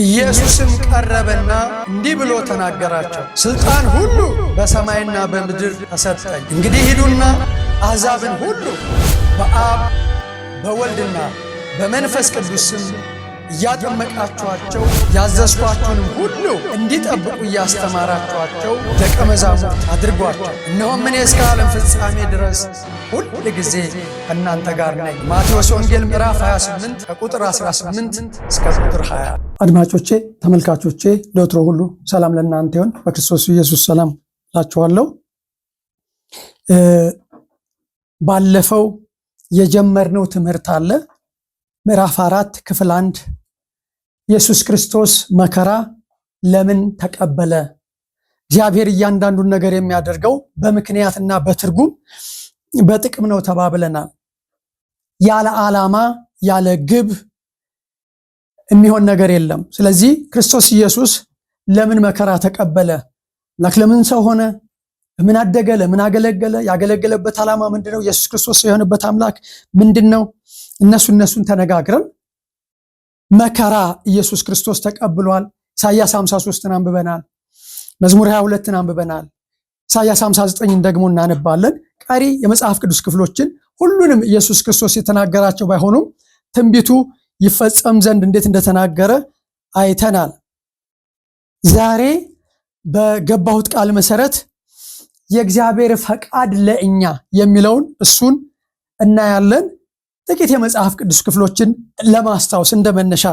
ኢየሱስም ቀረበና እንዲህ ብሎ ተናገራቸው፣ ሥልጣን ሁሉ በሰማይና በምድር ተሰጠኝ። እንግዲህ ሂዱና አሕዛብን ሁሉ በአብ በወልድና በመንፈስ ቅዱስ ስም እያጠመቃችኋቸው ያዘዝኳችሁንም ሁሉ እንዲጠብቁ እያስተማራችኋቸው ደቀ መዛሙርት አድርጓቸው። እነሆም እኔ እስከ ዓለም ፍጻሜ ድረስ ሁል ጊዜ ከእናንተ ጋር ነኝ። ማቴዎስ ወንጌል ምዕራፍ 28 ከቁጥር 18 እስከ ቁጥር 20። አድማጮቼ ተመልካቾቼ፣ ዶትሮ ሁሉ ሰላም ለእናንተ ይሆን። በክርስቶስ ኢየሱስ ሰላም ላችኋለሁ። ባለፈው የጀመርነው ትምህርት አለ ምዕራፍ አራት ክፍል አንድ ኢየሱስ ክርስቶስ መከራ ለምን ተቀበለ? እግዚአብሔር እያንዳንዱን ነገር የሚያደርገው በምክንያትና በትርጉም በጥቅም ነው ተባብለናል። ያለ ዓላማ ያለ ግብ የሚሆን ነገር የለም። ስለዚህ ክርስቶስ ኢየሱስ ለምን መከራ ተቀበለ? አምላክ ለምን ሰው ሆነ? ምን አደገ? ለምን አገለገለ? ያገለገለበት ዓላማ ምንድነው? ኢየሱስ ክርስቶስ የሆነበት አምላክ ምንድን ነው? እነሱ እነሱን ተነጋግረን መከራ ኢየሱስ ክርስቶስ ተቀብሏል። ኢሳያስ 53ን አንብበናል። መዝሙር 22ን አንብበናል። ኢሳያስ 59ን ደግሞ እናነባለን። ቀሪ የመጽሐፍ ቅዱስ ክፍሎችን ሁሉንም ኢየሱስ ክርስቶስ የተናገራቸው ባይሆኑም ትንቢቱ ይፈጸም ዘንድ እንዴት እንደተናገረ አይተናል። ዛሬ በገባሁት ቃል መሰረት የእግዚአብሔር ፈቃድ ለእኛ የሚለውን እሱን እናያለን። ጥቂት የመጽሐፍ ቅዱስ ክፍሎችን ለማስታወስ እንደ መነሻ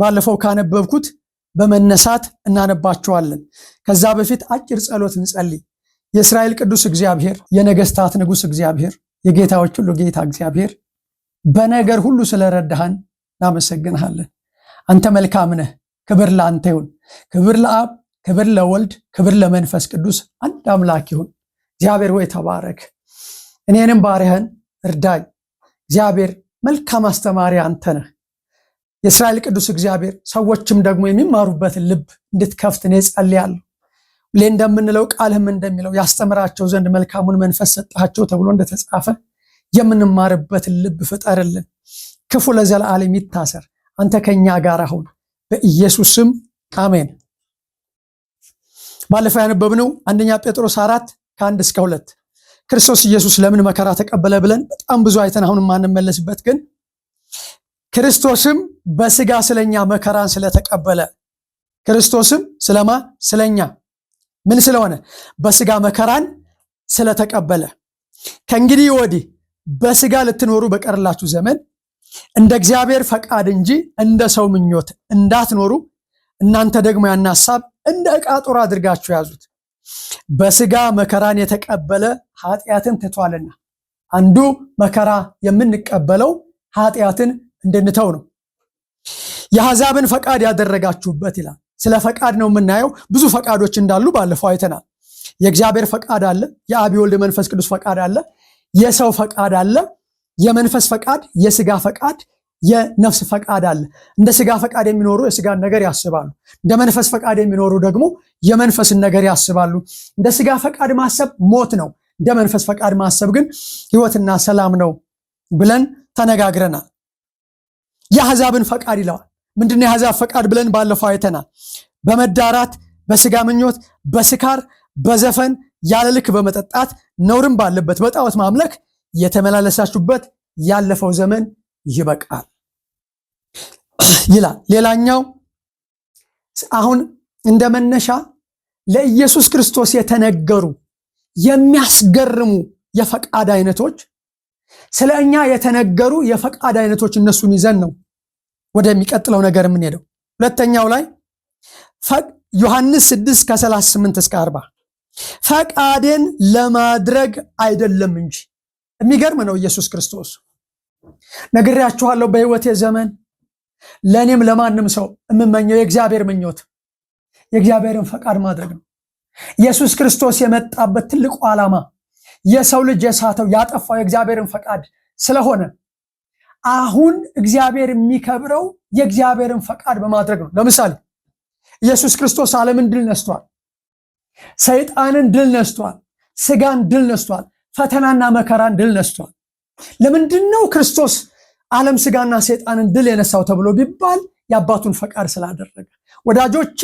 ባለፈው ካነበብኩት በመነሳት እናነባቸዋለን። ከዛ በፊት አጭር ጸሎት እንጸልይ። የእስራኤል ቅዱስ እግዚአብሔር፣ የነገስታት ንጉስ እግዚአብሔር፣ የጌታዎች ሁሉ ጌታ እግዚአብሔር በነገር ሁሉ ስለረዳሃን እናመሰግንሃለን። አንተ መልካም ነህ። ክብር ለአንተ ይሁን። ክብር ለአብ፣ ክብር ለወልድ፣ ክብር ለመንፈስ ቅዱስ አንድ አምላክ ይሁን። እግዚአብሔር ወይ ተባረክ። እኔንም ባሪያህን እርዳኝ እግዚአብሔር መልካም አስተማሪ አንተ ነህ። የእስራኤል ቅዱስ እግዚአብሔር ሰዎችም ደግሞ የሚማሩበትን ልብ እንድትከፍት እኔ ጸልያለሁ። ሁሌ እንደምንለው ቃልህም እንደሚለው ያስተምራቸው ዘንድ መልካሙን መንፈስ ሰጣቸው ተብሎ እንደተጻፈ የምንማርበትን ልብ ፍጠርልን። ክፉ ለዘላለም ይታሰር። አንተ ከኛ ጋር አሁን በኢየሱስ ስም አሜን። ባለፈው ያነበብነው አንደኛ ጴጥሮስ አራት ከአንድ እስከ ሁለት ክርስቶስ ኢየሱስ ለምን መከራ ተቀበለ ብለን በጣም ብዙ አይተን አሁን የማንመለስበት ግን ክርስቶስም በስጋ ስለኛ መከራን ስለተቀበለ ክርስቶስም ስለማ ስለኛ ምን ስለሆነ በስጋ መከራን ስለተቀበለ ከእንግዲህ ወዲህ በስጋ ልትኖሩ በቀርላችሁ ዘመን እንደ እግዚአብሔር ፈቃድ እንጂ እንደ ሰው ምኞት እንዳትኖሩ እናንተ ደግሞ ያን ሐሳብ እንደ ዕቃ ጦር አድርጋችሁ ያዙት። በስጋ መከራን የተቀበለ ኃጢአትን ትቷልና። አንዱ መከራ የምንቀበለው ኃጢአትን እንድንተው ነው። የአሕዛብን ፈቃድ ያደረጋችሁበት ይላል። ስለ ፈቃድ ነው የምናየው። ብዙ ፈቃዶች እንዳሉ ባለፈው አይተናል። የእግዚአብሔር ፈቃድ አለ። የአብ ወልድ፣ መንፈስ ቅዱስ ፈቃድ አለ። የሰው ፈቃድ አለ። የመንፈስ ፈቃድ፣ የስጋ ፈቃድ፣ የነፍስ ፈቃድ አለ። እንደ ስጋ ፈቃድ የሚኖሩ የስጋን ነገር ያስባሉ። እንደ መንፈስ ፈቃድ የሚኖሩ ደግሞ የመንፈስን ነገር ያስባሉ። እንደ ስጋ ፈቃድ ማሰብ ሞት ነው። እንደ መንፈስ ፈቃድ ማሰብ ግን ህይወትና ሰላም ነው ብለን ተነጋግረናል። የአሕዛብን ፈቃድ ይለዋል። ምንድን ነው የአሕዛብ ፈቃድ ብለን ባለፈው አይተናል። በመዳራት በስጋ ምኞት፣ በስካር፣ በዘፈን ያለ ልክ በመጠጣት ነውርም ባለበት በጣዖት ማምለክ የተመላለሳችሁበት ያለፈው ዘመን ይበቃል ይላል። ሌላኛው አሁን እንደ መነሻ ለኢየሱስ ክርስቶስ የተነገሩ የሚያስገርሙ የፈቃድ አይነቶች ስለ እኛ የተነገሩ የፈቃድ አይነቶች እነሱን ይዘን ነው ወደሚቀጥለው ነገር የምንሄደው። ሁለተኛው ላይ ዮሐንስ 6 ከ38 እስከ 40 ፈቃዴን ለማድረግ አይደለም እንጂ። የሚገርም ነው ኢየሱስ ክርስቶስ ነግሬያችኋለሁ። በህይወቴ ዘመን ለእኔም ለማንም ሰው የምመኘው የእግዚአብሔር ምኞት የእግዚአብሔርን ፈቃድ ማድረግ ነው። ኢየሱስ ክርስቶስ የመጣበት ትልቁ ዓላማ የሰው ልጅ የሳተው ያጠፋው የእግዚአብሔርን ፈቃድ ስለሆነ አሁን እግዚአብሔር የሚከብረው የእግዚአብሔርን ፈቃድ በማድረግ ነው። ለምሳሌ ኢየሱስ ክርስቶስ ዓለምን ድል ነስቷል። ሰይጣንን ድል ነስቷል። ስጋን ድል ነስቷል። ፈተናና መከራን ድል ነስቷል። ለምንድን ነው ክርስቶስ ዓለም ስጋና ሰይጣንን ድል የነሳው ተብሎ ቢባል የአባቱን ፈቃድ ስላደረገ። ወዳጆቼ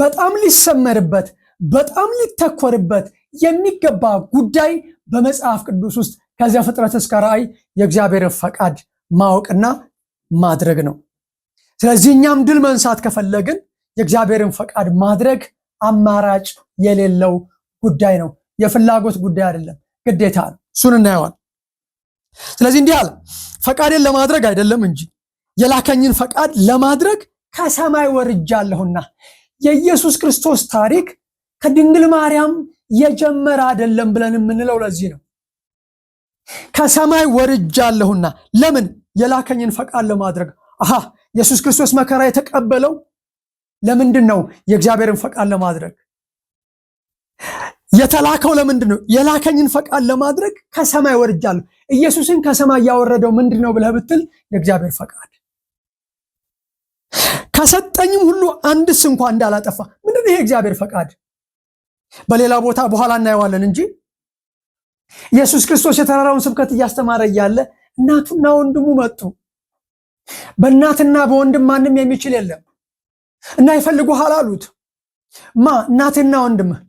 በጣም ሊሰመርበት በጣም ሊተኮርበት የሚገባ ጉዳይ በመጽሐፍ ቅዱስ ውስጥ ከዚያ ፍጥረት እስከ ራእይ የእግዚአብሔርን ፈቃድ ማወቅና ማድረግ ነው። ስለዚህ እኛም ድል መንሳት ከፈለግን የእግዚአብሔርን ፈቃድ ማድረግ አማራጭ የሌለው ጉዳይ ነው። የፍላጎት ጉዳይ አይደለም፣ ግዴታ ነው። እሱን እናየዋል። ስለዚህ እንዲህ አለ፣ ፈቃዴን ለማድረግ አይደለም እንጂ የላከኝን ፈቃድ ለማድረግ ከሰማይ ወርጃለሁና። የኢየሱስ ክርስቶስ ታሪክ ከድንግል ማርያም የጀመረ አይደለም ብለን የምንለው ለዚህ ነው። ከሰማይ ወርጃለሁና ለምን የላከኝን ፈቃድ ለማድረግ አሃ ኢየሱስ ክርስቶስ መከራ የተቀበለው ለምንድን ነው? የእግዚአብሔርን ፈቃድ ለማድረግ የተላከው ለምንድን ነው? የላከኝን ፈቃድ ለማድረግ ከሰማይ ወርጃለሁ። ኢየሱስን ከሰማይ ያወረደው ምንድን ነው ብለህ ብትል የእግዚአብሔር ፈቃድ ከሰጠኝም ሁሉ አንድስ እንኳ እንዳላጠፋ። ምንድን ነው ይሄ እግዚአብሔር ፈቃድ? በሌላ ቦታ በኋላ እናየዋለን እንጂ ኢየሱስ ክርስቶስ የተራራውን ስብከት እያስተማረ እያለ እናቱና ወንድሙ መጡ። በእናትና በወንድም ማንም የሚችል የለም እና ይፈልጉሃል አሉት። ማ እናቴና ወንድምህ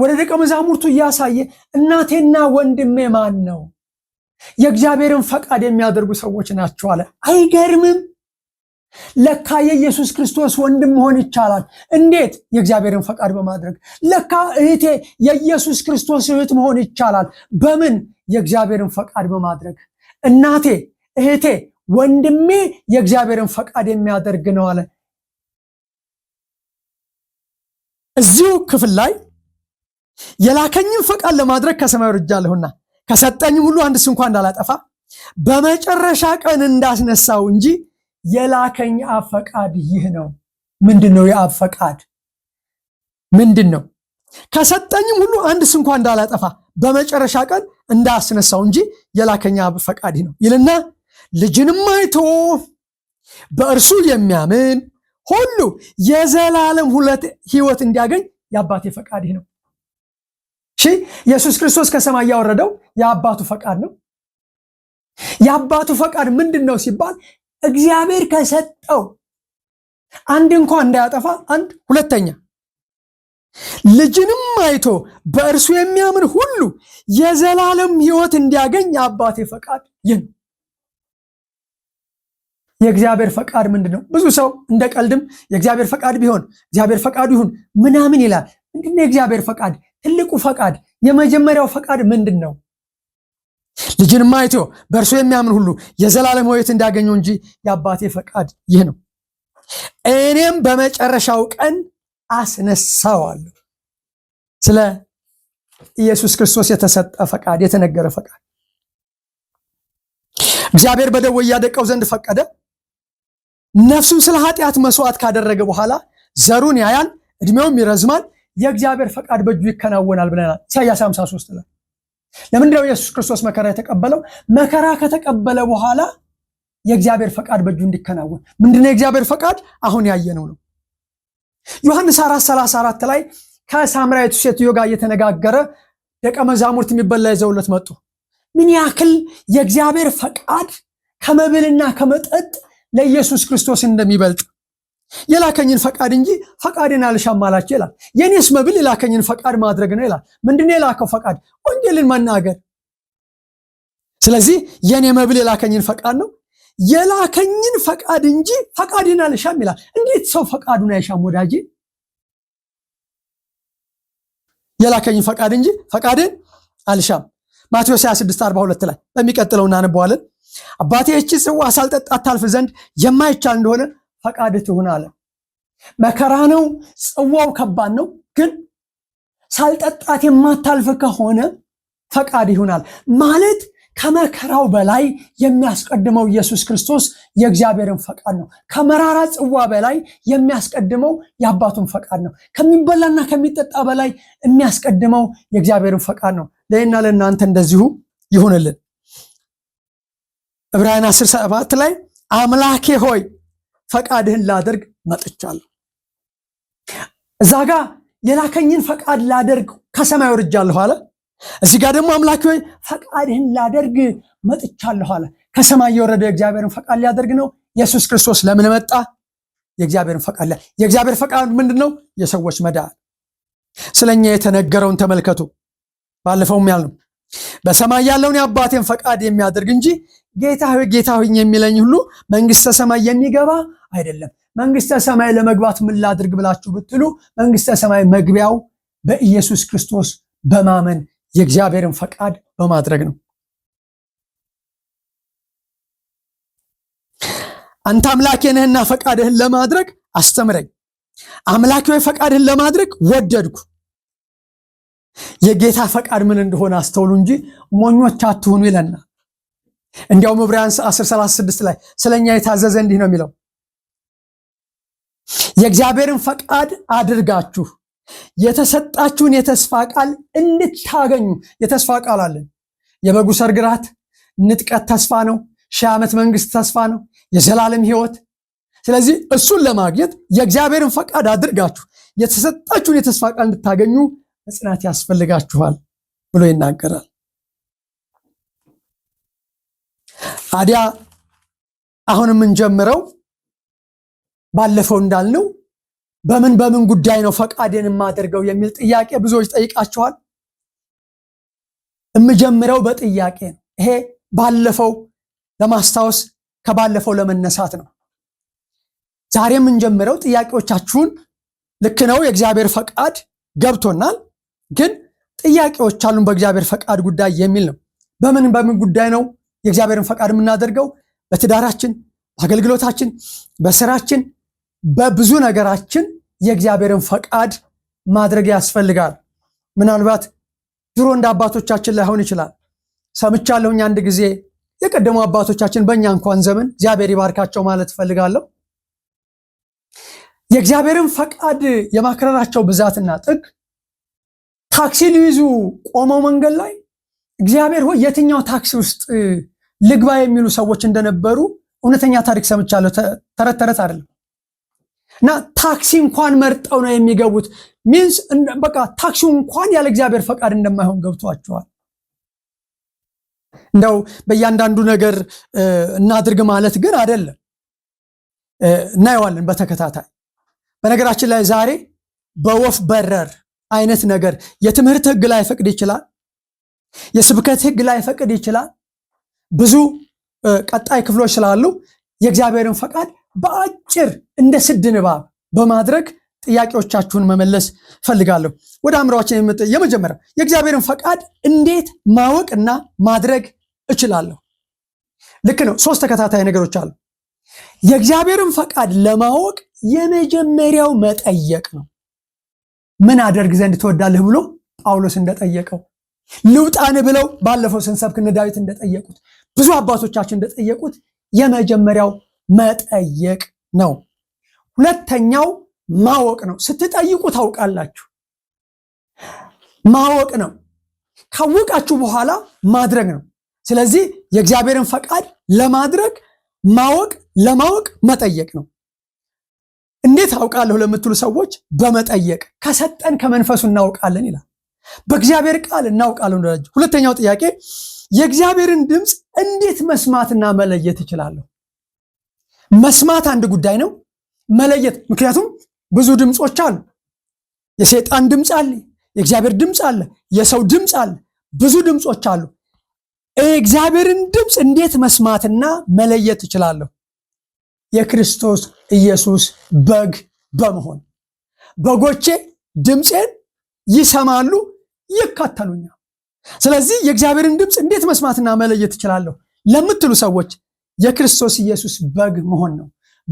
ወደ ደቀ መዛሙርቱ እያሳየ እናቴና ወንድሜ ማን ነው? የእግዚአብሔርን ፈቃድ የሚያደርጉ ሰዎች ናቸው አለ። አይገርምም? ለካ የኢየሱስ ክርስቶስ ወንድም መሆን ይቻላል። እንዴት? የእግዚአብሔርን ፈቃድ በማድረግ። ለካ እህቴ የኢየሱስ ክርስቶስ እህት መሆን ይቻላል። በምን? የእግዚአብሔርን ፈቃድ በማድረግ። እናቴ፣ እህቴ፣ ወንድሜ የእግዚአብሔርን ፈቃድ የሚያደርግ ነው አለ። እዚሁ ክፍል ላይ የላከኝን ፈቃድ ለማድረግ ከሰማይ ወርጃለሁና ከሰጠኝ ሁሉ አንድ እንኳ እንዳላጠፋ በመጨረሻ ቀን እንዳስነሳው እንጂ የላከኝ አብ ፈቃድ ይህ ነው። ምንድን ነው የአብ ፈቃድ ምንድን ነው? ከሰጠኝም ሁሉ አንድ ስንኳ እንዳላጠፋ በመጨረሻ ቀን እንዳስነሳው እንጂ የላከኝ አብ ፈቃድ ነው ይልና ልጅንም አይቶ በእርሱ የሚያምን ሁሉ የዘላለም ሁለት ህይወት እንዲያገኝ የአባቴ ፈቃድ ይህ ነው። እሺ ኢየሱስ ክርስቶስ ከሰማይ ያወረደው የአባቱ ፈቃድ ነው። የአባቱ ፈቃድ ምንድን ነው ሲባል እግዚአብሔር ከሰጠው አንድ እንኳን እንዳያጠፋ አንድ ሁለተኛ ልጅንም አይቶ በእርሱ የሚያምን ሁሉ የዘላለም ሕይወት እንዲያገኝ የአባቴ ፈቃድ ይህ ነው። የእግዚአብሔር ፈቃድ ምንድን ነው? ብዙ ሰው እንደ ቀልድም የእግዚአብሔር ፈቃድ ቢሆን እግዚአብሔር ፈቃዱ ይሁን ምናምን ይላል። ምንድን ነው የእግዚአብሔር ፈቃድ? ትልቁ ፈቃድ የመጀመሪያው ፈቃድ ምንድን ነው? ልጅንማ አይቶ በእርሱ የሚያምን ሁሉ የዘላለም ሕይወት እንዲያገኙ እንጂ የአባቴ ፈቃድ ይህ ነው፣ እኔም በመጨረሻው ቀን አስነሳዋለሁ። ስለ ኢየሱስ ክርስቶስ የተሰጠ ፈቃድ፣ የተነገረ ፈቃድ እግዚአብሔር በደዌ እያደቀው ዘንድ ፈቀደ። ነፍሱን ስለ ኃጢአት መስዋዕት ካደረገ በኋላ ዘሩን ያያል፣ እድሜውም ይረዝማል፣ የእግዚአብሔር ፈቃድ በእጁ ይከናወናል ብለናል ኢሳያስ 53 ላይ ለምንድነው ኢየሱስ ክርስቶስ መከራ የተቀበለው? መከራ ከተቀበለ በኋላ የእግዚአብሔር ፈቃድ በእጁ እንዲከናወን። ምንድነው የእግዚአብሔር ፈቃድ? አሁን ያየነው ነው። ዮሐንስ 4:34 ላይ ከሳምራዊቱ ሴትዮ ጋር እየተነጋገረ ደቀ መዛሙርት የሚበላ ይዘውለት መጡ። ምን ያክል የእግዚአብሔር ፈቃድ ከመብልና ከመጠጥ ለኢየሱስ ክርስቶስ እንደሚበልጥ የላከኝን ፈቃድ እንጂ ፈቃድን አልሻም አላቸው ይላል። የኔስ መብል የላከኝን ፈቃድ ማድረግ ነው ይላል። ምንድን የላከው ፈቃድ? ወንጌልን መናገር። ስለዚህ የኔ መብል የላከኝን ፈቃድ ነው። የላከኝን ፈቃድ እንጂ ፈቃድን አልሻም ይላል። እንዴት ሰው ፈቃዱን አይሻም ወዳጅ የላከኝን ፈቃድ እንጂ ፈቃድን አልሻም። ማቴዎስ 26 42 ላይ በሚቀጥለው እናነበዋለን። አባቴ እቺ ጽዋ ሳልጠጣ ታልፍ ዘንድ የማይቻል እንደሆነ ፈቃድ ትሁን አለ። መከራ ነው፣ ጽዋው ከባድ ነው። ግን ሳልጠጣት የማታልፍ ከሆነ ፈቃድ ይሆናል ማለት ከመከራው በላይ የሚያስቀድመው ኢየሱስ ክርስቶስ የእግዚአብሔርን ፈቃድ ነው። ከመራራ ጽዋ በላይ የሚያስቀድመው የአባቱን ፈቃድ ነው። ከሚበላና ከሚጠጣ በላይ የሚያስቀድመው የእግዚአብሔርን ፈቃድ ነው። ለእና ለእናንተ እንደዚሁ ይሁንልን። ዕብራውያን 10 ላይ አምላኬ ሆይ ፈቃድህን ላደርግ መጥቻለሁ። እዛ ጋ የላከኝን ፈቃድ ላደርግ ከሰማይ ወርጃለሁ አለ። እዚህ ጋር ደግሞ አምላክ ሆይ ፈቃድህን ላደርግ መጥቻለሁ አለ። ከሰማይ የወረደ የእግዚአብሔርን ፈቃድ ሊያደርግ ነው። ኢየሱስ ክርስቶስ ለምን መጣ? የእግዚአብሔርን ፈቃድ ሊያ የእግዚአብሔር ፈቃድ ምንድን ነው? የሰዎች መዳን። ስለኛ የተነገረውን ተመልከቱ። ባለፈውም ያልነው በሰማይ ያለውን የአባቴን ፈቃድ የሚያደርግ እንጂ ጌታ ጌታ ሆይ የሚለኝ ሁሉ መንግሥተ ሰማይ የሚገባ አይደለም። መንግስተ ሰማይ ለመግባት ምን ላድርግ ብላችሁ ብትሉ መንግስተ ሰማይ መግቢያው በኢየሱስ ክርስቶስ በማመን የእግዚአብሔርን ፈቃድ በማድረግ ነው። አንተ አምላኬ ነህና ፈቃድህን ለማድረግ አስተምረኝ። አምላኬ ወይ ፈቃድህን ለማድረግ ወደድኩ። የጌታ ፈቃድ ምን እንደሆነ አስተውሉ እንጂ ሞኞች አትሁኑ ይለናል። እንዲያውም ዕብራውያን 10፥36 ላይ ስለኛ የታዘዘ እንዲህ ነው የሚለው የእግዚአብሔርን ፈቃድ አድርጋችሁ የተሰጣችሁን የተስፋ ቃል እንድታገኙ የተስፋ ቃል አለን። የበጉ ሰርግ ንጥቀት ተስፋ ነው። ሺህ ዓመት መንግስት ተስፋ ነው። የዘላለም ህይወት። ስለዚህ እሱን ለማግኘት የእግዚአብሔርን ፈቃድ አድርጋችሁ የተሰጣችሁን የተስፋ ቃል እንድታገኙ መጽናት ያስፈልጋችኋል ብሎ ይናገራል። አዲያ አሁን የምንጀምረው ባለፈው እንዳልነው በምን በምን ጉዳይ ነው ፈቃዴን የማደርገው የሚል ጥያቄ ብዙዎች ጠይቃችኋል። የምጀምረው በጥያቄ ነው። ይሄ ባለፈው ለማስታወስ ከባለፈው ለመነሳት ነው። ዛሬ የምንጀምረው ጥያቄዎቻችሁን ልክ ነው፣ የእግዚአብሔር ፈቃድ ገብቶናል፣ ግን ጥያቄዎች አሉን በእግዚአብሔር ፈቃድ ጉዳይ የሚል ነው። በምን በምን ጉዳይ ነው የእግዚአብሔርን ፈቃድ የምናደርገው? በትዳራችን፣ በአገልግሎታችን፣ በስራችን፣ በብዙ ነገራችን የእግዚአብሔርን ፈቃድ ማድረግ ያስፈልጋል። ምናልባት ድሮ እንደ አባቶቻችን ላይሆን ይችላል። ሰምቻለሁኝ አንድ ጊዜ የቀደሙ አባቶቻችን በእኛ እንኳን ዘመን እግዚአብሔር ይባርካቸው ማለት እፈልጋለሁ። የእግዚአብሔርን ፈቃድ የማክረራቸው ብዛትና ጥግ ታክሲ ሊይዙ ቆመው መንገድ ላይ እግዚአብሔር ሆይ የትኛው ታክሲ ውስጥ ልግባ የሚሉ ሰዎች እንደነበሩ እውነተኛ ታሪክ ሰምቻለሁ። ተረት ተረት አይደለም። እና ታክሲ እንኳን መርጠው ነው የሚገቡት። ሚንስ በቃ ታክሲው እንኳን ያለ እግዚአብሔር ፈቃድ እንደማይሆን ገብቷቸዋል። እንደው በእያንዳንዱ ነገር እናድርግ ማለት ግን አይደለም። እናየዋለን በተከታታይ በነገራችን ላይ ዛሬ በወፍ በረር አይነት ነገር የትምህርት ህግ ላይ ፈቅድ ይችላል፣ የስብከት ህግ ላይ ፈቅድ ይችላል። ብዙ ቀጣይ ክፍሎች ስላሉ የእግዚአብሔርን ፈቃድ በአጭር እንደ ስድ ንባብ በማድረግ ጥያቄዎቻችሁን መመለስ ፈልጋለሁ። ወደ አእምሯችን የመጠ የመጀመሪያ የእግዚአብሔርን ፈቃድ እንዴት ማወቅና ማድረግ እችላለሁ? ልክ ነው። ሶስት ተከታታይ ነገሮች አሉ። የእግዚአብሔርን ፈቃድ ለማወቅ የመጀመሪያው መጠየቅ ነው። ምን አደርግ ዘንድ ትወዳለህ ብሎ ጳውሎስ እንደጠየቀው፣ ልውጣን ብለው ባለፈው ስንሰብክ እነ ዳዊት እንደጠየቁት፣ ብዙ አባቶቻችን እንደጠየቁት የመጀመሪያው መጠየቅ ነው። ሁለተኛው ማወቅ ነው። ስትጠይቁ ታውቃላችሁ። ማወቅ ነው። ካወቃችሁ በኋላ ማድረግ ነው። ስለዚህ የእግዚአብሔርን ፈቃድ ለማድረግ ማወቅ፣ ለማወቅ መጠየቅ ነው። እንዴት አውቃለሁ ለምትሉ ሰዎች በመጠየቅ ከሰጠን ከመንፈሱ እናውቃለን ይላል። በእግዚአብሔር ቃል እናውቃለን። ሁለተኛው ጥያቄ የእግዚአብሔርን ድምፅ እንዴት መስማትና መለየት እችላለሁ? መስማት አንድ ጉዳይ ነው፣ መለየት ምክንያቱም ብዙ ድምፆች አሉ። የሰይጣን ድምፅ አለ፣ የእግዚአብሔር ድምፅ አለ፣ የሰው ድምፅ አለ፣ ብዙ ድምፆች አሉ። የእግዚአብሔርን ድምፅ እንዴት መስማትና መለየት እችላለሁ? የክርስቶስ ኢየሱስ በግ በመሆን በጎቼ ድምፄን ይሰማሉ፣ ይከተሉኛል። ስለዚህ የእግዚአብሔርን ድምፅ እንዴት መስማትና መለየት እችላለሁ ለምትሉ ሰዎች የክርስቶስ ኢየሱስ በግ መሆን ነው።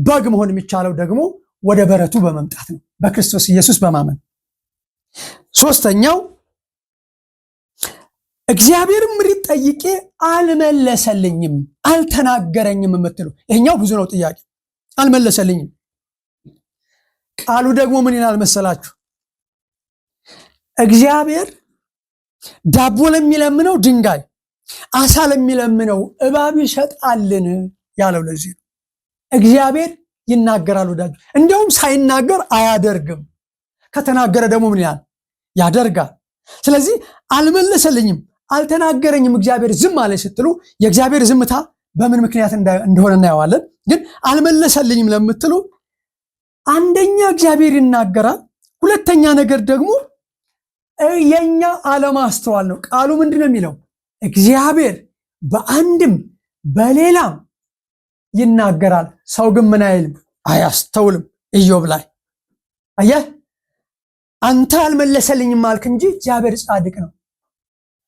በግ መሆን የሚቻለው ደግሞ ወደ በረቱ በመምጣት ነው፣ በክርስቶስ ኢየሱስ በማመን። ሶስተኛው እግዚአብሔርም ምሪት ጠይቄ አልመለሰልኝም፣ አልተናገረኝም የምትሉ ይሄኛው ብዙ ነው ጥያቄ። አልመለሰልኝም ቃሉ ደግሞ ምን ይላል መሰላችሁ? እግዚአብሔር ዳቦ ለሚለምነው ድንጋይ፣ አሳ ለሚለምነው እባብ ይሰጣልን ያለው ለዚህ ነው። እግዚአብሔር ይናገራል ወዳጅ። እንዲያውም ሳይናገር አያደርግም፣ ከተናገረ ደግሞ ምን ያል ያደርጋል። ስለዚህ አልመለሰልኝም፣ አልተናገረኝም፣ እግዚአብሔር ዝም አለ ስትሉ የእግዚአብሔር ዝምታ በምን ምክንያት እንደሆነ እናየዋለን። ግን አልመለሰልኝም ለምትሉ አንደኛ እግዚአብሔር ይናገራል፣ ሁለተኛ ነገር ደግሞ የኛ አለማስተዋል ነው። ቃሉ ምንድን ነው የሚለው? እግዚአብሔር በአንድም በሌላም ይናገራል፣ ሰው ግን ምን አይልም፣ አያስተውልም። ኢዮብ ላይ አየህ፣ አንተ አልመለሰልኝም አልክ እንጂ እግዚአብሔር ጻድቅ ነው።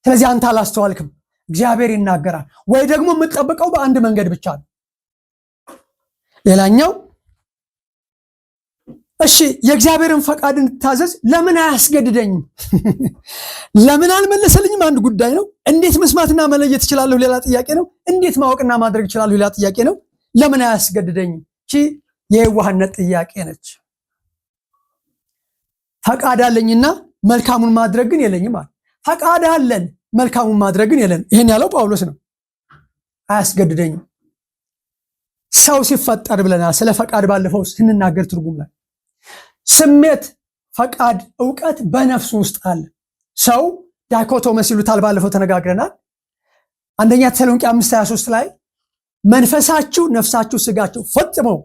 ስለዚህ አንተ አላስተዋልክም። እግዚአብሔር ይናገራል ወይ ደግሞ የምትጠብቀው በአንድ መንገድ ብቻ ነው። ሌላኛው እሺ የእግዚአብሔርን ፈቃድ እንድታዘዝ ለምን አያስገድደኝም? ለምን አልመለሰልኝም? አንድ ጉዳይ ነው። እንዴት መስማትና መለየት እችላለሁ? ሌላ ጥያቄ ነው። እንዴት ማወቅና ማድረግ እችላለሁ? ሌላ ጥያቄ ነው። ለምን አያስገድደኝም? ቺ የዋህነት ጥያቄ ነች። ፈቃድ አለኝና መልካሙን ማድረግ ግን የለኝም አለ። ፈቃድ አለን መልካሙን ማድረግ ግን የለን። ይህን ያለው ጳውሎስ ነው። አያስገድደኝም ሰው ሲፈጠር ብለናል። ስለ ፈቃድ ባለፈው ስንናገር ትርጉም ላይ ስሜት፣ ፈቃድ፣ እውቀት በነፍሱ ውስጥ አለ። ሰው ዳይኮቶመስ ይሉታል። ባለፈው ተነጋግረናል። አንደኛ ተሰሎንቄ 23 ላይ መንፈሳችሁ፣ ነፍሳችሁ፣ ስጋችሁ ፈጽመው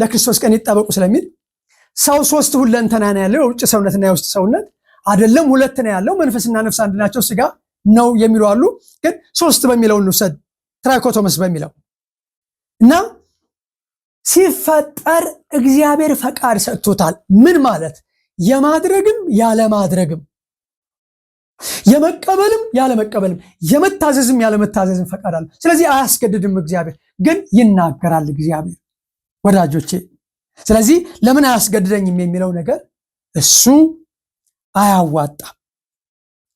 ለክርስቶስ ቀን ይጠበቁ ስለሚል ሰው ሶስት ሁለንተና ነው ያለው፣ የውጭ ሰውነትና የውስጥ ሰውነት አይደለም። ሁለት ነው ያለው፣ መንፈስና ነፍስ አንድ ናቸው፣ ስጋ ነው የሚሉ አሉ። ግን ሶስት በሚለው እንውሰድ፣ ትራይኮቶመስ በሚለው እና ሲፈጠር እግዚአብሔር ፈቃድ ሰጥቶታል። ምን ማለት የማድረግም ያለማድረግም የመቀበልም ያለመቀበልም የመታዘዝም ያለመታዘዝም ፈቃድ አለ። ስለዚህ አያስገድድም። እግዚአብሔር ግን ይናገራል። እግዚአብሔር ወዳጆቼ፣ ስለዚህ ለምን አያስገድደኝም የሚለው ነገር እሱ አያዋጣም።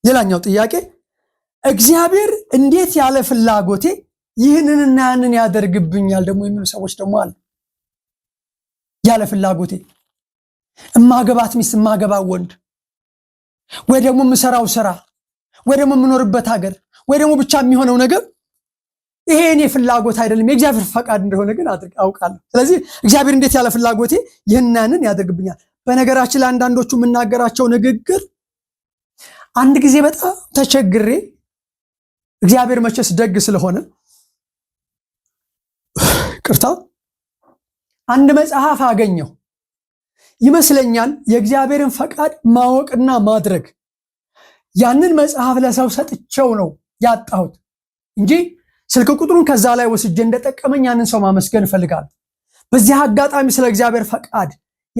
ሌላኛው ጥያቄ እግዚአብሔር እንዴት ያለ ፍላጎቴ ይህንንና ያንን ያደርግብኛል ደግሞ የሚሉ ሰዎች ደግሞ አሉ። ያለ ፍላጎቴ እማገባት ሚስት እማገባ ወንድ ወይ ደግሞ የምሰራው ስራ ወይ ደግሞ የምኖርበት ሀገር ወይ ደግሞ ብቻ የሚሆነው ነገር ይሄ እኔ ፍላጎት አይደለም፣ የእግዚአብሔር ፈቃድ እንደሆነ ግን አውቃለሁ። ስለዚህ እግዚአብሔር እንዴት ያለ ፍላጎቴ ይህናንን ያደርግብኛል? በነገራችን ላይ አንዳንዶቹ የምናገራቸው ንግግር አንድ ጊዜ በጣም ተቸግሬ እግዚአብሔር መቼስ ደግ ስለሆነ ቅርታ አንድ መጽሐፍ አገኘሁ ይመስለኛል። የእግዚአብሔርን ፈቃድ ማወቅና ማድረግ ያንን መጽሐፍ ለሰው ሰጥቼው ነው ያጣሁት እንጂ ስልክ ቁጥሩን ከዛ ላይ ወስጄ እንደጠቀመኝ ያንን ሰው ማመስገን እፈልጋለሁ። በዚህ አጋጣሚ ስለ እግዚአብሔር ፈቃድ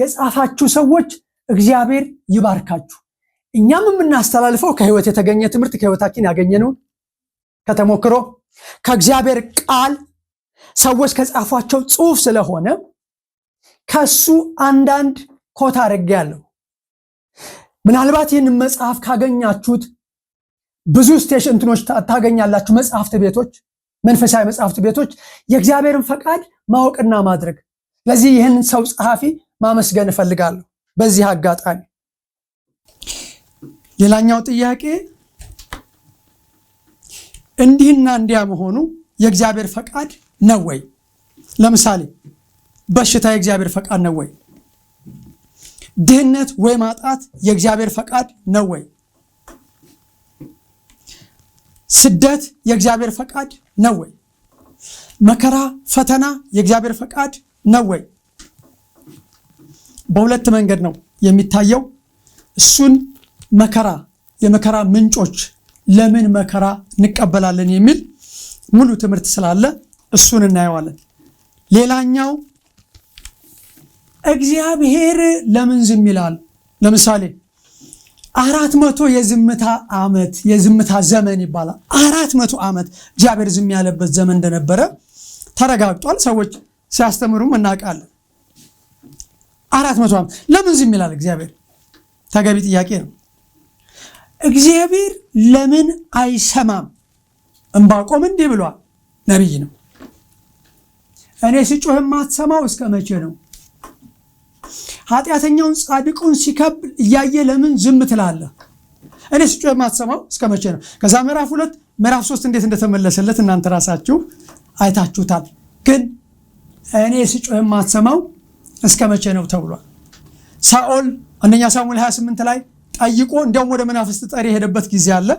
የጻፋችሁ ሰዎች እግዚአብሔር ይባርካችሁ። እኛም የምናስተላልፈው ከህይወት የተገኘ ትምህርት ከህይወታችን ያገኘነውን ከተሞክሮ ከእግዚአብሔር ቃል ሰዎች ከጻፏቸው ጽሑፍ ስለሆነ ከሱ አንዳንድ ኮት አድርጌያለሁ። ምናልባት ይህንን መጽሐፍ ካገኛችሁት ብዙ ስቴሽን እንትኖች ታገኛላችሁ። መጽሐፍት ቤቶች፣ መንፈሳዊ መጽሐፍት ቤቶች የእግዚአብሔርን ፈቃድ ማወቅና ማድረግ። ለዚህ ይህንን ሰው ጸሐፊ ማመስገን እፈልጋለሁ በዚህ አጋጣሚ። ሌላኛው ጥያቄ እንዲህና እንዲያ መሆኑ የእግዚአብሔር ፈቃድ ነው ወይ? ለምሳሌ በሽታ የእግዚአብሔር ፈቃድ ነው ወይ? ድህነት ወይ ማጣት የእግዚአብሔር ፈቃድ ነው ወይ? ስደት የእግዚአብሔር ፈቃድ ነው ወይ? መከራ ፈተና የእግዚአብሔር ፈቃድ ነው ወይ? በሁለት መንገድ ነው የሚታየው። እሱን መከራ የመከራ ምንጮች ለምን መከራ እንቀበላለን የሚል ሙሉ ትምህርት ስላለ እሱን እናየዋለን። ሌላኛው እግዚአብሔር ለምን ዝም ይላል? ለምሳሌ አራት መቶ የዝምታ ዓመት የዝምታ ዘመን ይባላል። አራት መቶ ዓመት እግዚአብሔር ዝም ያለበት ዘመን እንደነበረ ተረጋግጧል። ሰዎች ሲያስተምሩም እናውቃለን። አራት መቶ ዓመት ለምን ዝም ይላል እግዚአብሔር? ተገቢ ጥያቄ ነው። እግዚአብሔር ለምን አይሰማም? እምባቆም እንዲህ ብሏል። ነቢይ ነው። እኔ ስጮህ የማትሰማው እስከ መቼ ነው? ኃጢአተኛውን ጻድቁን ሲከብል እያየ ለምን ዝም ትላለህ? እኔ ስጮ የማትሰማው እስከ መቼ ነው? ከዛ ምዕራፍ ሁለት ምዕራፍ ሶስት እንዴት እንደተመለሰለት እናንተ ራሳችሁ አይታችሁታል። ግን እኔ ስጮህ የማትሰማው እስከ መቼ ነው ተብሏል። ሳኦል አንደኛ ሳሙኤል 28 ላይ ጠይቆ እንዲያውም ወደ መናፍስት ጠሪ የሄደበት ጊዜ አለ።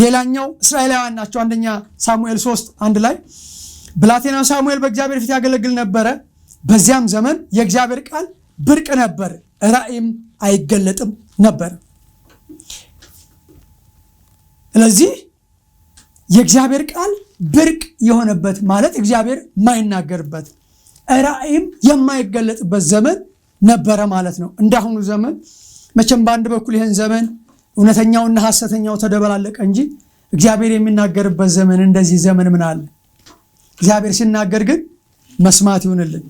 ሌላኛው እስራኤላውያን ናቸው። አንደኛ ሳሙኤል 3 አንድ ላይ ብላቴናው ሳሙኤል በእግዚአብሔር ፊት ያገለግል ነበረ በዚያም ዘመን የእግዚአብሔር ቃል ብርቅ ነበር፣ ራእይም አይገለጥም ነበር። ስለዚህ የእግዚአብሔር ቃል ብርቅ የሆነበት ማለት እግዚአብሔር የማይናገርበት ራእይም የማይገለጥበት ዘመን ነበረ ማለት ነው። እንዳሁኑ ዘመን መቼም በአንድ በኩል ይህን ዘመን እውነተኛውና ሐሰተኛው ተደበላለቀ እንጂ እግዚአብሔር የሚናገርበት ዘመን እንደዚህ ዘመን ምን አለ? እግዚአብሔር ሲናገር ግን መስማት ይሁንልን።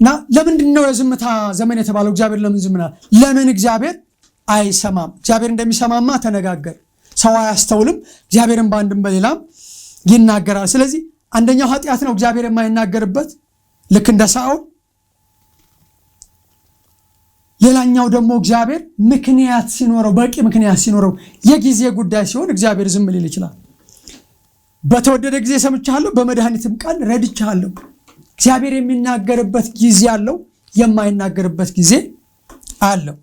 እና ለምንድን ነው የዝምታ ዘመን የተባለው? እግዚአብሔር ለምን ዝምና? ለምን እግዚአብሔር አይሰማም? እግዚአብሔር እንደሚሰማማ ተነጋገር። ሰው አያስተውልም። እግዚአብሔርን በአንድም በሌላም ይናገራል። ስለዚህ አንደኛው ኃጢአት ነው እግዚአብሔር የማይናገርበት ልክ እንደ ሳኦል። ሌላኛው ደግሞ እግዚአብሔር ምክንያት ሲኖረው በቂ ምክንያት ሲኖረው የጊዜ ጉዳይ ሲሆን እግዚአብሔር ዝም ሊል ይችላል። በተወደደ ጊዜ ሰምቻለሁ፣ በመድኃኒትም ቃል ረድቻለሁ እግዚአብሔር የሚናገርበት ጊዜ አለው፣ የማይናገርበት ጊዜ አለው።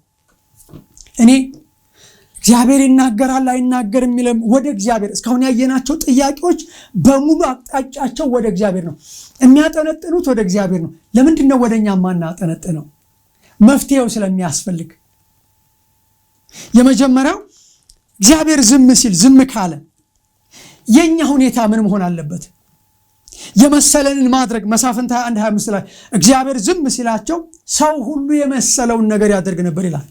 እኔ እግዚአብሔር ይናገራል አይናገር የሚለም ወደ እግዚአብሔር እስካሁን ያየናቸው ጥያቄዎች በሙሉ አቅጣጫቸው ወደ እግዚአብሔር ነው የሚያጠነጥኑት፣ ወደ እግዚአብሔር ነው። ለምንድን ነው ወደ እኛ ማናጠነጥነው? መፍትሄው ስለሚያስፈልግ። የመጀመሪያው እግዚአብሔር ዝም ሲል ዝም ካለ የእኛ ሁኔታ ምን መሆን አለበት? የመሰለንን ማድረግ መሳፍንት 21 25 ላይ እግዚአብሔር ዝም ሲላቸው ሰው ሁሉ የመሰለውን ነገር ያደርግ ነበር ይላል።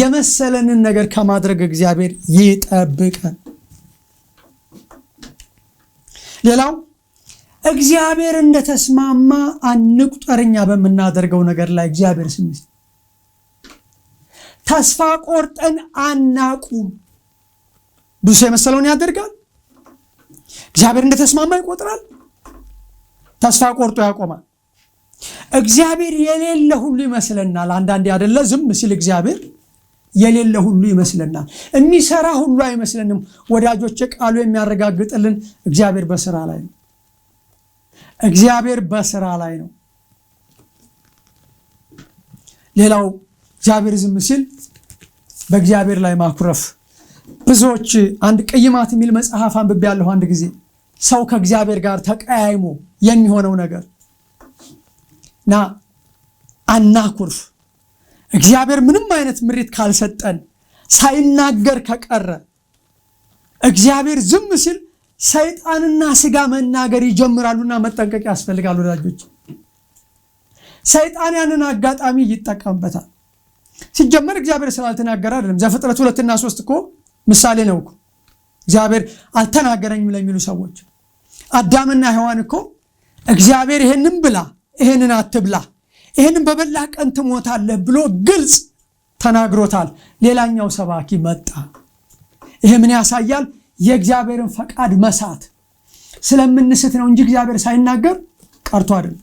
የመሰለንን ነገር ከማድረግ እግዚአብሔር ይጠብቀን። ሌላው እግዚአብሔር እንደተስማማ አንቁጠርኛ በምናደርገው ነገር ላይ እግዚአብሔር ስምስ ተስፋ ቆርጠን አናቁም። ብዙ ሰው የመሰለውን ያደርጋል። እግዚአብሔር እንደተስማማ ይቆጥራል። ተስፋ ቆርጦ ያቆማል። እግዚአብሔር የሌለ ሁሉ ይመስለናል። አንዳንዴ አደለ ዝም ሲል እግዚአብሔር የሌለ ሁሉ ይመስለናል። የሚሰራ ሁሉ አይመስለንም። ወዳጆች፣ ቃሉ የሚያረጋግጥልን እግዚአብሔር በስራ ላይ ነው። እግዚአብሔር በስራ ላይ ነው። ሌላው እግዚአብሔር ዝም ሲል በእግዚአብሔር ላይ ማኩረፍ። ብዙዎች አንድ ቅይማት የሚል መጽሐፍ አንብቤ ያለሁ አንድ ጊዜ ሰው ከእግዚአብሔር ጋር ተቀያይሞ የሚሆነው ነገር እና አናኩርፍ። እግዚአብሔር ምንም አይነት ምሪት ካልሰጠን ሳይናገር ከቀረ እግዚአብሔር ዝም ሲል ሰይጣንና ስጋ መናገር ይጀምራሉና መጠንቀቅ ያስፈልጋል ወዳጆች። ሰይጣን ያንን አጋጣሚ ይጠቀምበታል። ሲጀመር እግዚአብሔር ስላልተናገረ አይደለም። ዘፍጥረት ሁለትና ሶስት እኮ ምሳሌ ነው እግዚአብሔር አልተናገረኝም ለሚሉ ሰዎች አዳምና ሔዋን እኮ እግዚአብሔር ይሄንን ብላ ይሄንን አትብላ፣ ይሄንን በበላ ቀን ትሞታለህ ብሎ ግልጽ ተናግሮታል። ሌላኛው ሰባኪ መጣ። ይሄ ምን ያሳያል? የእግዚአብሔርን ፈቃድ መሳት ስለምንስት ነው እንጂ እግዚአብሔር ሳይናገር ቀርቶ አይደለም።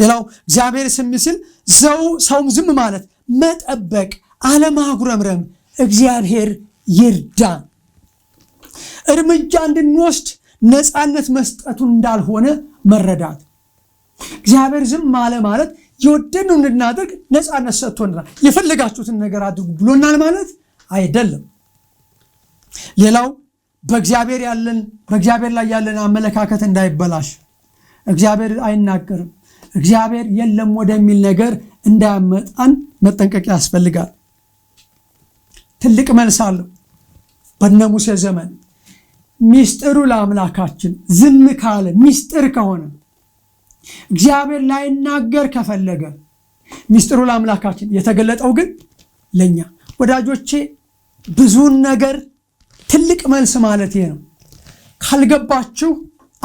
ሌላው እግዚአብሔር ስምስል ዘው ሰውም ዝም ማለት መጠበቅ፣ አለማጉረምረም። እግዚአብሔር ይርዳ እርምጃ እንድንወስድ ነፃነት መስጠቱ እንዳልሆነ መረዳት። እግዚአብሔር ዝም አለ ማለት የወደድነውን እንድናደርግ ነፃነት ሰጥቶናል። የፈለጋችሁትን ነገር አድርጉ ብሎናል ማለት አይደለም። ሌላው በእግዚአብሔር ያለን በእግዚአብሔር ላይ ያለን አመለካከት እንዳይበላሽ እግዚአብሔር አይናገርም እግዚአብሔር የለም ወደሚል ነገር እንዳያመጣን መጠንቀቅ ያስፈልጋል። ትልቅ መልስ አለው። በነ ሙሴ ዘመን ሚስጥሩ ለአምላካችን ዝም ካለ ሚስጥር ከሆነ እግዚአብሔር ላይናገር ከፈለገ ሚስጥሩ ለአምላካችን የተገለጠው ግን ለእኛ ወዳጆቼ ብዙን ነገር ትልቅ መልስ ማለት ይሄ ነው። ካልገባችሁ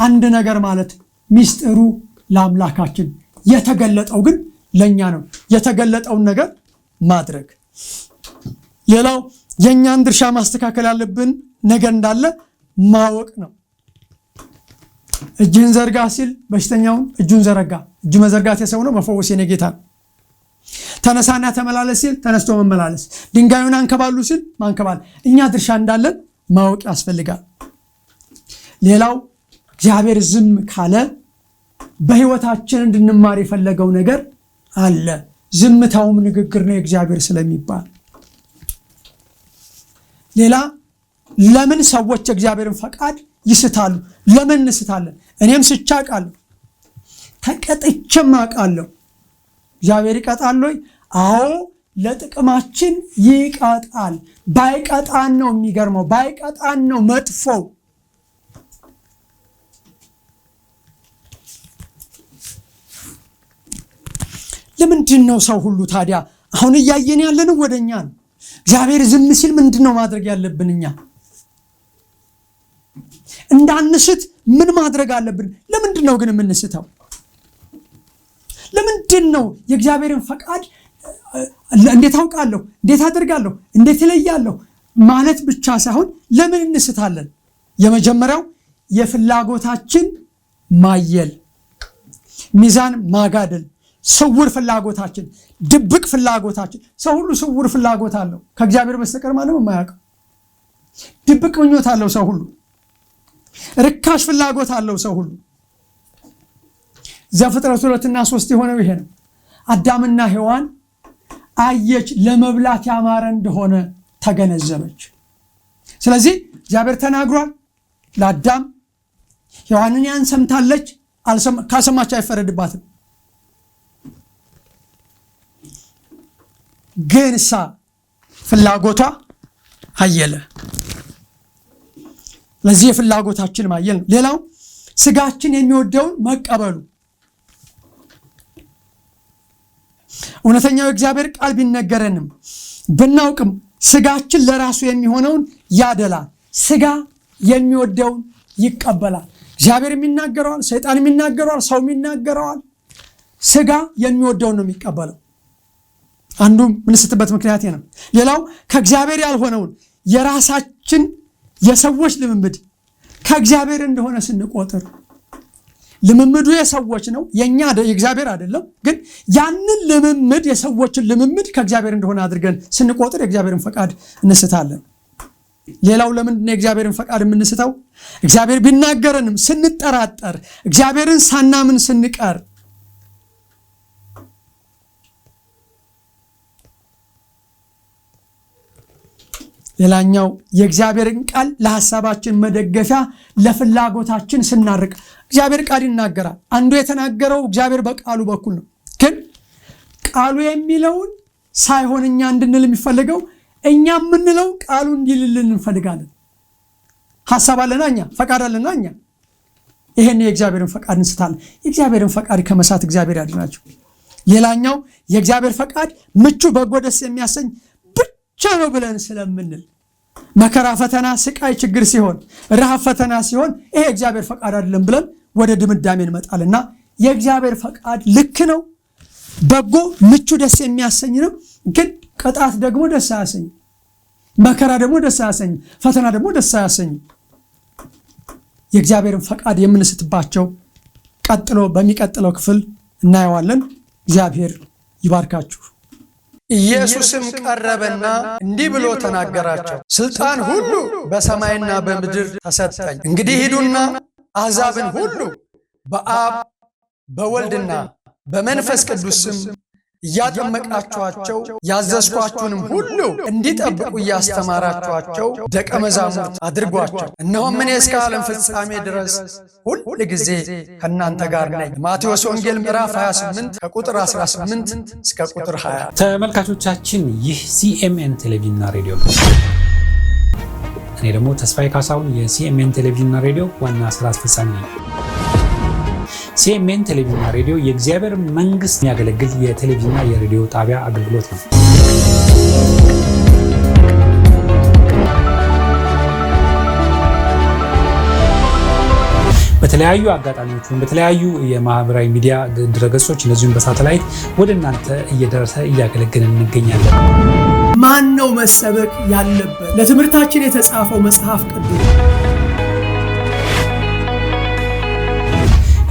አንድ ነገር ማለት ሚስጥሩ ለአምላካችን የተገለጠው ግን ለእኛ ነው። የተገለጠውን ነገር ማድረግ ሌላው የእኛን ድርሻ ማስተካከል ያለብን ነገር እንዳለ ማወቅ ነው። እጅህን ዘርጋ ሲል በሽተኛውን እጁን ዘረጋ። እጁ መዘርጋት የሰው ነው፣ መፈወስ የኔ ጌታ ነው። ተነሳና ተመላለስ ሲል ተነስቶ መመላለስ፣ ድንጋዩን አንከባሉ ሲል ማንከባል። እኛ ድርሻ እንዳለን ማወቅ ያስፈልጋል። ሌላው እግዚአብሔር ዝም ካለ በህይወታችን እንድንማር የፈለገው ነገር አለ። ዝምታውም ንግግር ነው የእግዚአብሔር ስለሚባል ሌላ ለምን ሰዎች የእግዚአብሔርን ፈቃድ ይስታሉ? ለምን እንስታለን? እኔም ስቻ አውቃለሁ፣ ተቀጥቼም አውቃለሁ። እግዚአብሔር ይቀጣል ወይ? አዎ ለጥቅማችን ይቀጣል። ባይቀጣን ነው የሚገርመው፣ ባይቀጣን ነው መጥፎው። ለምንድን ነው ሰው ሁሉ ታዲያ አሁን እያየን ያለን ወደኛ ነው። እግዚአብሔር ዝም ሲል ምንድን ነው ማድረግ ያለብን እኛ? እንዳንስት ምን ማድረግ አለብን? ለምንድን ነው ግን የምንስተው? ለምንድን ነው የእግዚአብሔርን ፈቃድ እንዴት አውቃለሁ፣ እንዴት አደርጋለሁ፣ እንዴት እለያለሁ ማለት ብቻ ሳይሆን ለምን እንስታለን? የመጀመሪያው የፍላጎታችን ማየል፣ ሚዛን ማጋደል፣ ስውር ፍላጎታችን፣ ድብቅ ፍላጎታችን። ሰው ሁሉ ስውር ፍላጎት አለው ከእግዚአብሔር በስተቀር ማንም የማያውቀው ድብቅ ምኞት አለው ሰው ሁሉ ርካሽ ፍላጎት አለው ሰው ሁሉ። ዘፍጥረት ሁለትና ሶስት የሆነው ይሄ ነው። አዳምና ሔዋን አየች ለመብላት ያማረ እንደሆነ ተገነዘበች። ስለዚህ እግዚአብሔር ተናግሯል ለአዳም። ሔዋንን ያን ሰምታለች። ካልሰማች አይፈረድባትም። ግን እሳ ፍላጎቷ አየለ ለዚህ የፍላጎታችን ማየል ነው። ሌላው ስጋችን የሚወደውን መቀበሉ እውነተኛው የእግዚአብሔር ቃል ቢነገረንም ብናውቅም ስጋችን ለራሱ የሚሆነውን ያደላል። ስጋ የሚወደውን ይቀበላል። እግዚአብሔር የሚናገረዋል፣ ሰይጣን የሚናገረዋል፣ ሰው የሚናገረዋል። ስጋ የሚወደውን ነው የሚቀበለው። አንዱ ምንስትበት ምክንያት ነው። ሌላው ከእግዚአብሔር ያልሆነውን የራሳችን የሰዎች ልምምድ ከእግዚአብሔር እንደሆነ ስንቆጥር ልምምዱ የሰዎች ነው፣ የእኛ የእግዚአብሔር አይደለም። ግን ያንን ልምምድ የሰዎችን ልምምድ ከእግዚአብሔር እንደሆነ አድርገን ስንቆጥር የእግዚአብሔርን ፈቃድ እንስታለን። ሌላው ለምንድነው የእግዚአብሔርን ፈቃድ የምንስተው? እግዚአብሔር ቢናገረንም ስንጠራጠር፣ እግዚአብሔርን ሳናምን ስንቀር ሌላኛው የእግዚአብሔርን ቃል ለሐሳባችን መደገፊያ ለፍላጎታችን ስናርቅ እግዚአብሔር ቃል ይናገራል። አንዱ የተናገረው እግዚአብሔር በቃሉ በኩል ነው። ግን ቃሉ የሚለውን ሳይሆን እኛ እንድንል የሚፈልገው እኛ የምንለው ቃሉ እንዲልልን እንፈልጋለን። ሐሳብ አለና እኛ ፈቃድ አለና እኛ ይሄን የእግዚአብሔርን ፈቃድ እንስታለን። የእግዚአብሔርን ፈቃድ ከመሳት እግዚአብሔር ያድናቸው። ሌላኛው የእግዚአብሔር ፈቃድ ምቹ፣ በጎ፣ ደስ የሚያሰኝ ብቻ ነው ብለን ስለምንል መከራ፣ ፈተና፣ ስቃይ፣ ችግር ሲሆን ረሃብ ፈተና ሲሆን ይሄ እግዚአብሔር ፈቃድ አይደለም ብለን ወደ ድምዳሜ እንመጣልና የእግዚአብሔር ፈቃድ ልክ ነው፣ በጎ፣ ምቹ፣ ደስ የሚያሰኝ ነው። ግን ቅጣት ደግሞ ደስ አያሰኝ፣ መከራ ደግሞ ደስ አያሰኝ፣ ፈተና ደግሞ ደስ አያሰኝ። የእግዚአብሔርን ፈቃድ የምንስትባቸው ቀጥሎ በሚቀጥለው ክፍል እናየዋለን። እግዚአብሔር ይባርካችሁ። ኢየሱስም ቀረበና እንዲህ ብሎ ተናገራቸው፣ ስልጣን ሁሉ በሰማይና በምድር ተሰጠኝ። እንግዲህ ሂዱና አሕዛብን ሁሉ በአብ በወልድና በመንፈስ ቅዱስ ስም እያጠመቃችኋቸው ያዘዝኳችሁንም ሁሉ እንዲጠብቁ እያስተማራችኋቸው ደቀ መዛሙርት አድርጓቸው። እነሆም እኔ እስከ ዓለም ፍጻሜ ድረስ ሁል ጊዜ ከእናንተ ጋር ነኝ። ማቴዎስ ወንጌል ምዕራፍ 28 ከቁጥር 18 እስከ ቁጥር 20። ተመልካቾቻችን ይህ ሲኤምኤን ቴሌቪዥንና ሬዲዮ እኔ ደግሞ ተስፋዬ ካሳሁን የሲኤምኤን ቴሌቪዥንና ሬዲዮ ዋና ስራ አስፈጻሚ ነኝ። ሲኤምኤን ቴሌቪዥንና ሬዲዮ የእግዚአብሔር መንግስት የሚያገለግል የቴሌቪዥንና የሬዲዮ ጣቢያ አገልግሎት ነው። በተለያዩ አጋጣሚዎች ወይም በተለያዩ የማህበራዊ ሚዲያ ድረገጾች እነዚሁም በሳተላይት ወደ እናንተ እየደረሰ እያገለገልን እንገኛለን። ማን ነው መሰበክ ያለበት? ለትምህርታችን የተጻፈው መጽሐፍ ቅዱስ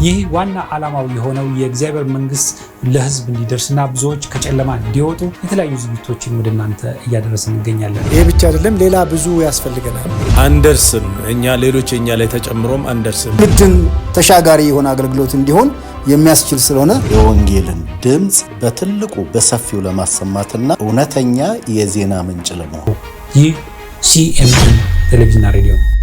ይህ ዋና ዓላማው የሆነው የእግዚአብሔር መንግስት ለህዝብ እንዲደርስና ብዙዎች ከጨለማ እንዲወጡ የተለያዩ ዝግጅቶችን ወደ እናንተ እያደረስ እንገኛለን። ይህ ብቻ አይደለም፣ ሌላ ብዙ ያስፈልገናል። አንደርስም እኛ ሌሎች እኛ ላይ ተጨምሮም አንደርስም። ግድን ተሻጋሪ የሆነ አገልግሎት እንዲሆን የሚያስችል ስለሆነ የወንጌልን ድምፅ በትልቁ በሰፊው ለማሰማትና እውነተኛ የዜና ምንጭ ለመሆን ይህ ሲኤምኤን ቴሌቪዥንና ሬዲዮ ነው።